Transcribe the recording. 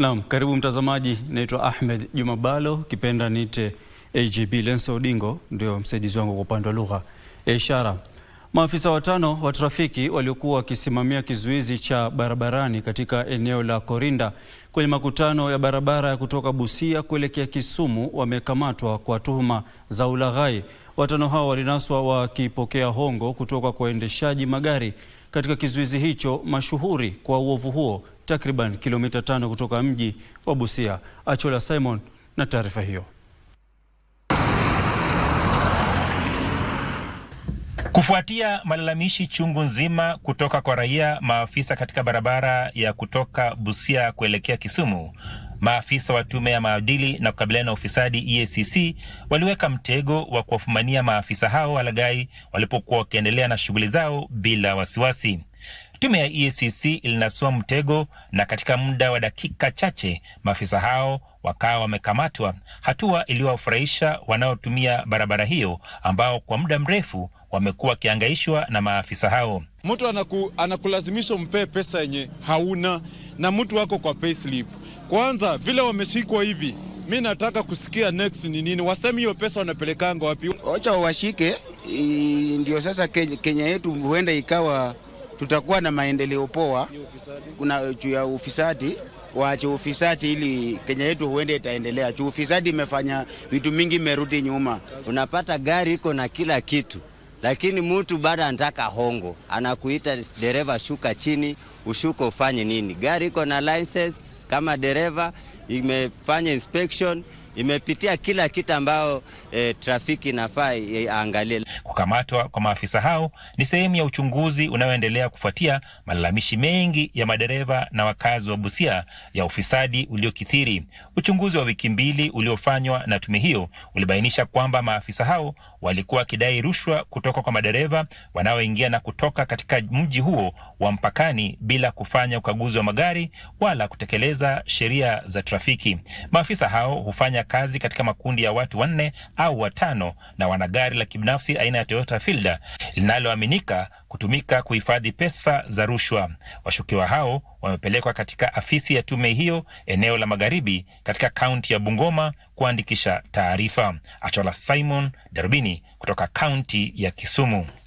Naam, karibu mtazamaji, naitwa Ahmed Juma Balo, kipenda niite AJB. Lenso Odingo ndio msaidizi wangu kwa upande wa lugha ya ishara. Maafisa watano wa trafiki waliokuwa wakisimamia kizuizi cha barabarani katika eneo la Korinda kwenye makutano ya barabara ya kutoka Busia kuelekea Kisumu wamekamatwa kwa tuhuma za ulaghai Watano hao walinaswa wakipokea hongo kutoka kwa waendeshaji magari katika kizuizi hicho mashuhuri kwa uovu huo takriban kilomita tano kutoka mji wa Busia. Achola Simon na taarifa hiyo. Kufuatia malalamishi chungu nzima kutoka kwa raia, maafisa katika barabara ya kutoka Busia kuelekea Kisumu Maafisa wa tume ya maadili na kukabiliana na ufisadi EACC waliweka mtego wa kuwafumania maafisa hao walagai walipokuwa wakiendelea na shughuli zao bila wasiwasi. Tume ya EACC ilinasua mtego na katika muda wa dakika chache maafisa hao wakawa wamekamatwa, hatua iliyowafurahisha wanaotumia barabara hiyo ambao kwa muda mrefu wamekuwa wakiangaishwa na maafisa hao. Mtu anaku, anakulazimisha umpee pesa yenye hauna na mtu wako kwa payslip. Kwanza vile wameshikwa hivi, mi nataka kusikia next ni nini, waseme hiyo pesa wanapelekanga wapi? Wacha washike, ndio sasa Kenya yetu huenda ikawa tutakuwa na maendeleo poa. Kuna juu ya ufisadi, waache ufisadi ili Kenya yetu huende itaendelea. Juu ufisadi imefanya vitu mingi, imerudi nyuma. Unapata gari iko na kila kitu lakini mtu bado anataka hongo, anakuita dereva, shuka chini, ushuko ufanye nini? Gari iko na license kama dereva, imefanya inspection imepitia kila kitu ambayo e, trafiki inafaa iangalie. Kukamatwa kwa maafisa hao ni sehemu ya uchunguzi unaoendelea kufuatia malalamishi mengi ya madereva na wakazi wa Busia ya ufisadi uliokithiri. Uchunguzi wa wiki mbili uliofanywa na tume hiyo ulibainisha kwamba maafisa hao walikuwa wakidai rushwa kutoka kwa madereva wanaoingia na kutoka katika mji huo wa mpakani bila kufanya ukaguzi wa magari wala kutekeleza sheria za trafiki. Maafisa hao hufanya kazi katika makundi ya watu wanne au watano na wana gari la kibinafsi aina ya Toyota Fielder linaloaminika kutumika kuhifadhi pesa za rushwa. Washukiwa hao wamepelekwa katika afisi ya tume hiyo eneo la magharibi katika kaunti ya Bungoma kuandikisha taarifa. Achola Simon, darubini kutoka kaunti ya Kisumu.